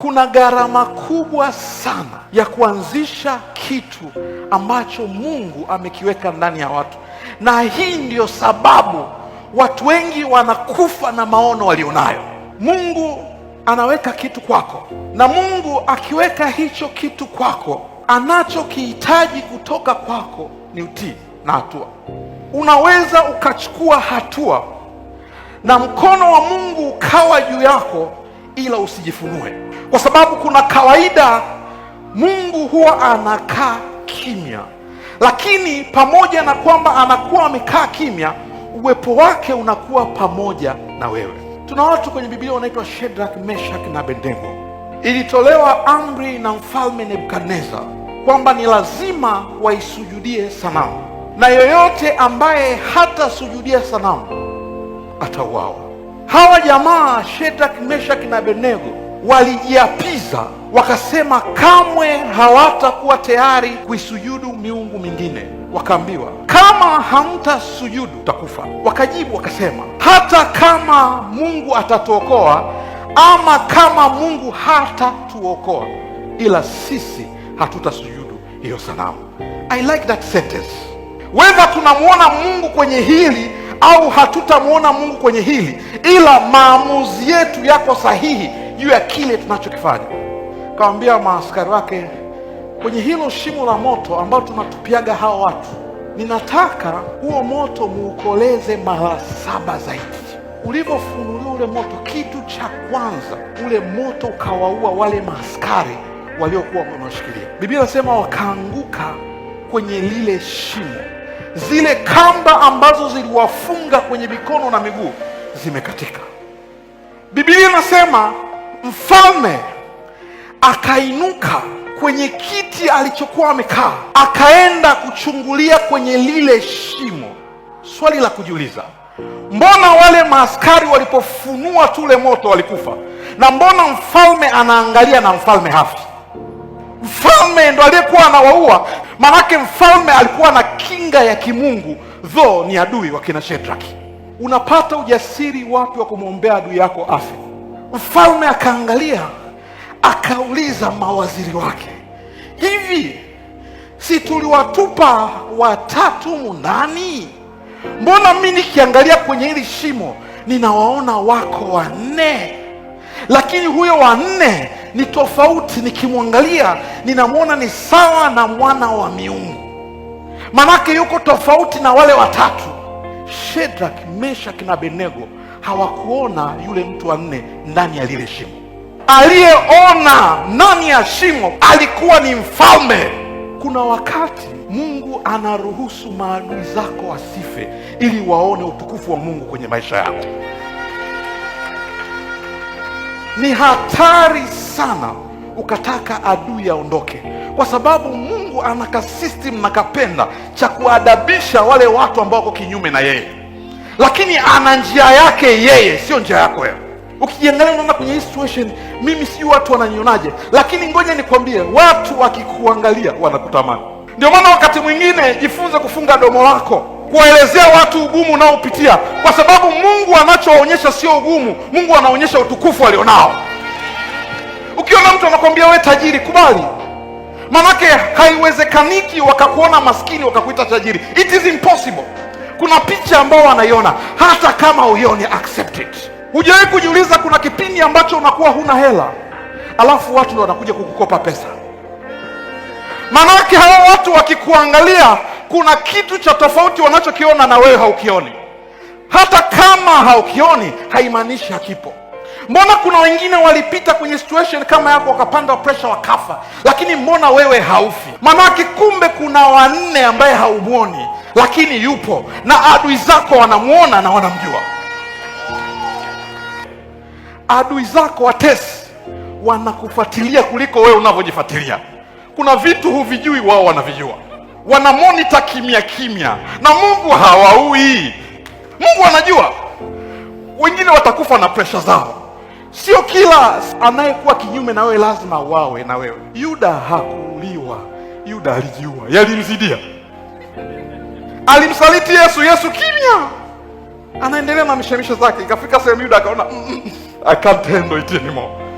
Kuna gharama kubwa sana ya kuanzisha kitu ambacho Mungu amekiweka ndani ya watu, na hii ndiyo sababu watu wengi wanakufa na maono walionayo. Mungu anaweka kitu kwako, na Mungu akiweka hicho kitu kwako, anachokihitaji kutoka kwako ni utii na hatua. Unaweza ukachukua hatua na mkono wa Mungu ukawa juu yako ila usijifunue, kwa sababu kuna kawaida Mungu huwa anakaa kimya, lakini pamoja na kwamba anakuwa amekaa kimya, uwepo wake unakuwa pamoja na wewe. Tuna watu kwenye Biblia wanaitwa Shedrak, Meshak na Abednego. Ilitolewa amri na mfalme Nebukadnezar kwamba ni lazima waisujudie sanamu, na yoyote ambaye hatasujudia sanamu atauawa. Hawa jamaa Shedrak, Meshaki na Abednego walijiapiza wakasema, kamwe hawatakuwa tayari kuisujudu miungu mingine. Wakaambiwa, kama hamta sujudu takufa Wakajibu wakasema, hata kama Mungu atatuokoa ama kama Mungu hatatuokoa, ila sisi hatutasujudu hiyo sanamu. I like that sentence. Wedha tunamwona Mungu kwenye hili au hatutamwona Mungu kwenye hili, ila maamuzi yetu yako sahihi juu ya kile tunachokifanya. Kawambia maaskari wake kwenye hilo shimo la moto ambalo tunatupiaga hawa watu, ninataka huo moto muukoleze mara saba zaidi. Ulivyofunuliwa ule moto, kitu cha kwanza ule moto ukawaua wale maaskari waliokuwa wanashikilia. Biblia inasema wakaanguka kwenye lile shimo zile kamba ambazo ziliwafunga kwenye mikono na miguu zimekatika. Biblia inasema mfalme akainuka kwenye kiti alichokuwa amekaa, akaenda kuchungulia kwenye lile shimo. Swali la kujiuliza, mbona wale maaskari walipofunua tule moto walikufa? Na mbona mfalme anaangalia na mfalme hafi? Mfalme ndo aliyekuwa anawaua, maanake mfalme alikuwa na kinga ya kimungu, dho ni adui wa kina Shedraki. Unapata ujasiri wapi wa kumwombea adui yako afe? Mfalme akaangalia akauliza mawaziri wake, hivi si tuliwatupa watatu mundani Mbona mi nikiangalia kwenye hili shimo ninawaona wako wanne, lakini huyo wanne ni tofauti, nikimwangalia ninamwona ni sawa na mwana wa miungu, manake yuko tofauti na wale watatu. Shedrak, Meshak na Abednego hawakuona yule mtu wa nne ndani ya lile shimo. Aliyeona ndani ya shimo alikuwa ni mfalme. Kuna wakati Mungu anaruhusu maadui zako wasife ili waone utukufu wa Mungu kwenye maisha yako. Ni hatari sana ukataka adui aondoke, kwa sababu Mungu anaka system na kapenda cha kuadabisha wale watu ambao wako kinyume na yeye, lakini ana njia yake yeye, sio njia yako wewe. Ukijiangalia unaona kwenye hii situation, mimi sijui watu wananionaje, lakini ngoja nikwambie, watu wakikuangalia wanakutamani. Ndio maana wakati mwingine jifunze kufunga domo lako kuwaelezea watu ugumu unaopitia, kwa sababu Mungu anachoonyesha sio ugumu. Mungu anaonyesha utukufu alionao. Ukiona mtu anakwambia we tajiri, kubali, manake haiwezekaniki wakakuona maskini wakakuita tajiri. It is impossible. Kuna picha ambayo wanaiona hata kama uione, accept it. Hujawahi kujiuliza kuna kipindi ambacho unakuwa huna hela alafu watu ndo wanakuja kukukopa pesa? Manake hawa watu wakikuangalia kuna kitu cha tofauti wanachokiona na wewe haukioni. Hata kama haukioni, haimaanishi hakipo. Mbona kuna wengine walipita kwenye situation kama yako, wakapanda presha, wakafa, lakini mbona wewe haufi? Manake kumbe kuna wanne ambaye haumwoni, lakini yupo, na adui zako wanamwona na wanamjua. Adui zako watesi wanakufuatilia kuliko wewe unavyojifuatilia. Kuna vitu huvijui, wao wanavijua wanamonita kimya kimya, na Mungu hawaui. Mungu anajua wengine watakufa na presha zao. Sio kila anayekuwa kinyume na wewe lazima wawe na wewe. Yuda hakuuliwa, Yuda alijiua, yalimzidia, alimsaliti Yesu. Yesu kimya, anaendelea na mishemishe zake. Ikafika sehemu Yuda akaona, mm, mm, mm I can't handle it anymore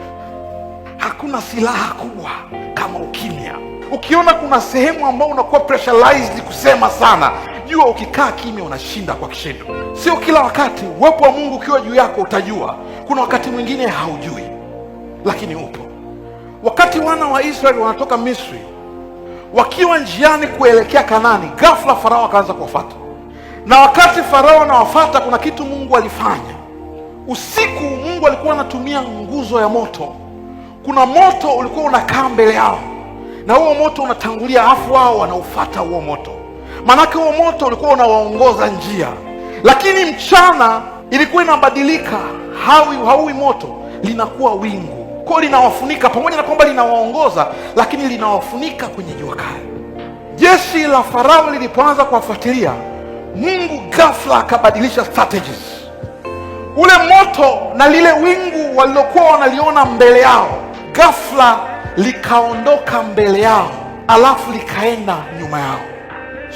Hakuna silaha kubwa kama ukimya. Ukiona kuna sehemu ambao unakuwa pressurized kusema sana, jua ukikaa kimya unashinda kwa kishindo. Sio kila wakati uwepo wa Mungu ukiwa juu yako utajua. Kuna wakati mwingine haujui, lakini upo. Wakati wana wa Israeli wanatoka Misri, wakiwa njiani kuelekea Kanani, ghafla Farao akaanza kuwafata, na wakati Farao anawafata kuna kitu Mungu alifanya usiku. Mungu alikuwa anatumia nguzo ya moto kuna moto ulikuwa unakaa mbele yao, na huo moto unatangulia, afu wao wanaufata huo moto, maanake huo moto ulikuwa unawaongoza njia. Lakini mchana ilikuwa inabadilika, hawi hauwi moto, linakuwa wingu, kwao, linawafunika, pamoja na kwamba linawaongoza, lakini linawafunika kwenye jua kali. Jeshi la Farao lilipoanza kuwafuatilia, Mungu ghafla akabadilisha strategies. Ule moto na lile wingu walilokuwa wanaliona mbele yao ghafla likaondoka mbele yao, alafu likaenda nyuma yao.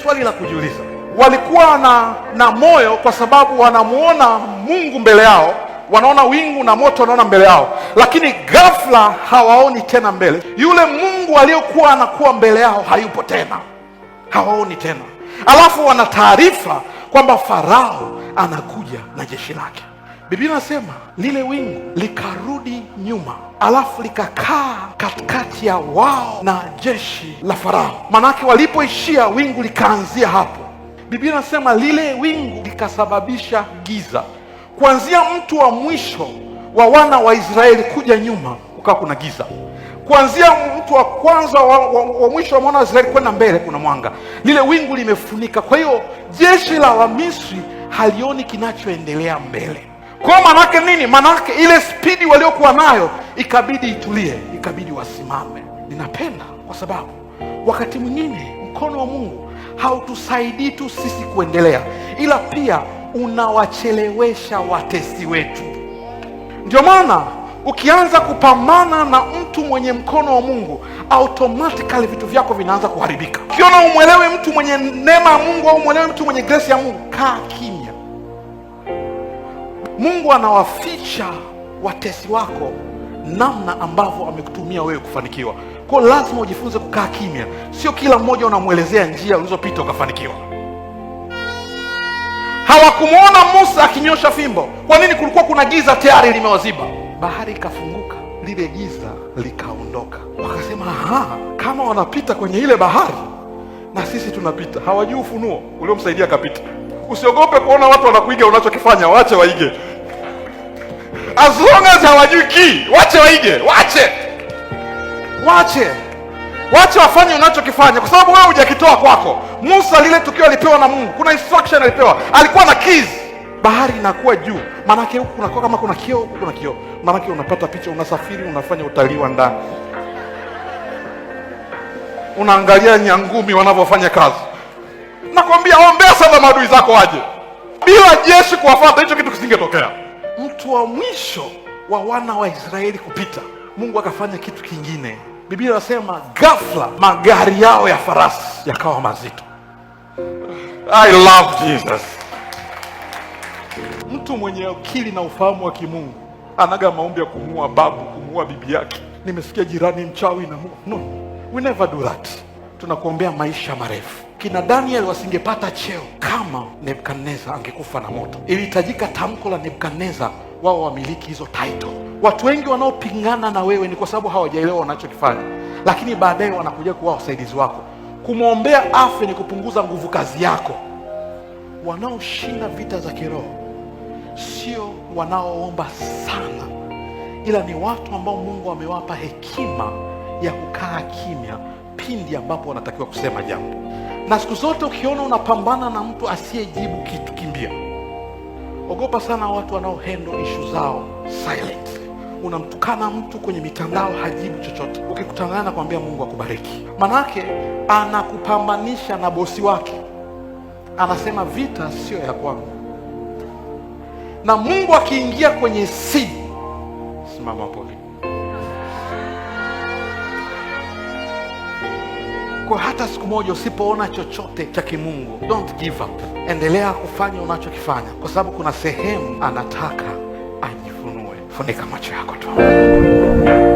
Swali la kujiuliza, walikuwa na, na moyo kwa sababu wanamwona Mungu mbele yao, wanaona wingu na moto, wanaona mbele yao, lakini ghafla hawaoni tena mbele. Yule Mungu aliyokuwa anakuwa mbele yao hayupo tena, hawaoni tena, alafu wana taarifa kwamba Farao anakuja na jeshi lake. Biblia inasema lile wingu likarudi nyuma, alafu likakaa katikati ya wao na jeshi la Farao. Maanake walipoishia wingu likaanzia hapo. Biblia inasema lile wingu likasababisha giza kuanzia mtu wa mwisho wa wana wa Israeli kuja nyuma, kukawa kuna giza kuanzia mtu wa kwanza wa, wa, wa mwisho wa mwana wa Israeli kwenda mbele kuna mwanga. Lile wingu limefunika, kwa hiyo jeshi la Wamisri halioni kinachoendelea mbele. Kwa manake nini? Manake ile spidi waliokuwa nayo ikabidi itulie, ikabidi wasimame. Ninapenda kwa sababu wakati mwingine mkono wa Mungu hautusaidii tu sisi kuendelea, ila pia unawachelewesha watesi wetu. Ndio maana ukianza kupambana na mtu mwenye mkono wa Mungu automatikali vitu vyako vinaanza kuharibika. Ukiona umwelewe mtu mwenye neema ya Mungu au umwelewe mtu mwenye grace ya Mungu, kaa kimya. Mungu anawaficha watesi wako namna ambavyo amekutumia wewe kufanikiwa. Kwa hiyo lazima ujifunze kukaa kimya, sio kila mmoja unamwelezea njia ulizopita ukafanikiwa. Hawakumwona Musa akinyosha fimbo. Kwa nini? Kulikuwa kuna giza tayari limewaziba, bahari ikafunguka, lile giza likaondoka. Wakasema, aha, kama wanapita kwenye ile bahari na sisi tunapita. Hawajui ufunuo uliomsaidia akapita. Usiogope kuona watu wanakuiga unachokifanya, wache waige, as long as hawajui kii, wache waige, wache wache wache wafanye unachokifanya, kwa sababu wewe hujakitoa kwako. Musa lile tukio alipewa na Mungu, kuna instruction alipewa, alikuwa na keys. Bahari inakuwa juu, maanake huku kunakuwa kama kuna kioo, huku kuna kioo, maanake unapata picha, unasafiri, unafanya utalii wa ndani, unaangalia nyangumi wanavyofanya kazi. Nakwambia, ombea sana maadui zako waje. Bila jeshi kuwafuata, hicho kitu kisingetokea. Mtu wa mwisho wa wana wa Israeli kupita, Mungu akafanya kitu kingine. Biblia inasema ghafla magari yao ya farasi yakawa mazito. I love Jesus. Mtu mwenye akili na ufahamu wa kimungu anaga maombi ya kumuua babu, kumuua bibi yake, nimesikia jirani mchawi na no, we never do that. Tunakuombea maisha marefu kina Daniel wasingepata cheo kama Nebukadneza angekufa na moto. Ilihitajika tamko la Nebukadneza wao wamiliki hizo title. Watu wengi wanaopingana na wewe ni kwa sababu hawajaelewa wanachokifanya, lakini baadaye wanakuja kuwa wasaidizi wako. Kumwombea afya ni kupunguza nguvu kazi yako. Wanaoshinda vita za kiroho sio wanaoomba sana, ila ni watu ambao Mungu amewapa hekima ya kukaa kimya pindi ambapo wanatakiwa kusema jambo. Na siku zote ukiona unapambana na mtu asiyejibu kitu, kimbia. Ogopa sana watu wanaohendo ishu zao silent. Unamtukana mtu kwenye mitandao hajibu chochote, ukikutana na kuambia Mungu akubariki, manake anakupambanisha na bosi wake. Anasema vita siyo ya kwangu, na Mungu akiingia kwenye sii, simama pole kwa hata siku moja usipoona chochote cha kimungu, don't give up, endelea kufanya unachokifanya, kwa sababu kuna sehemu anataka ajifunue. Funika macho yako tu.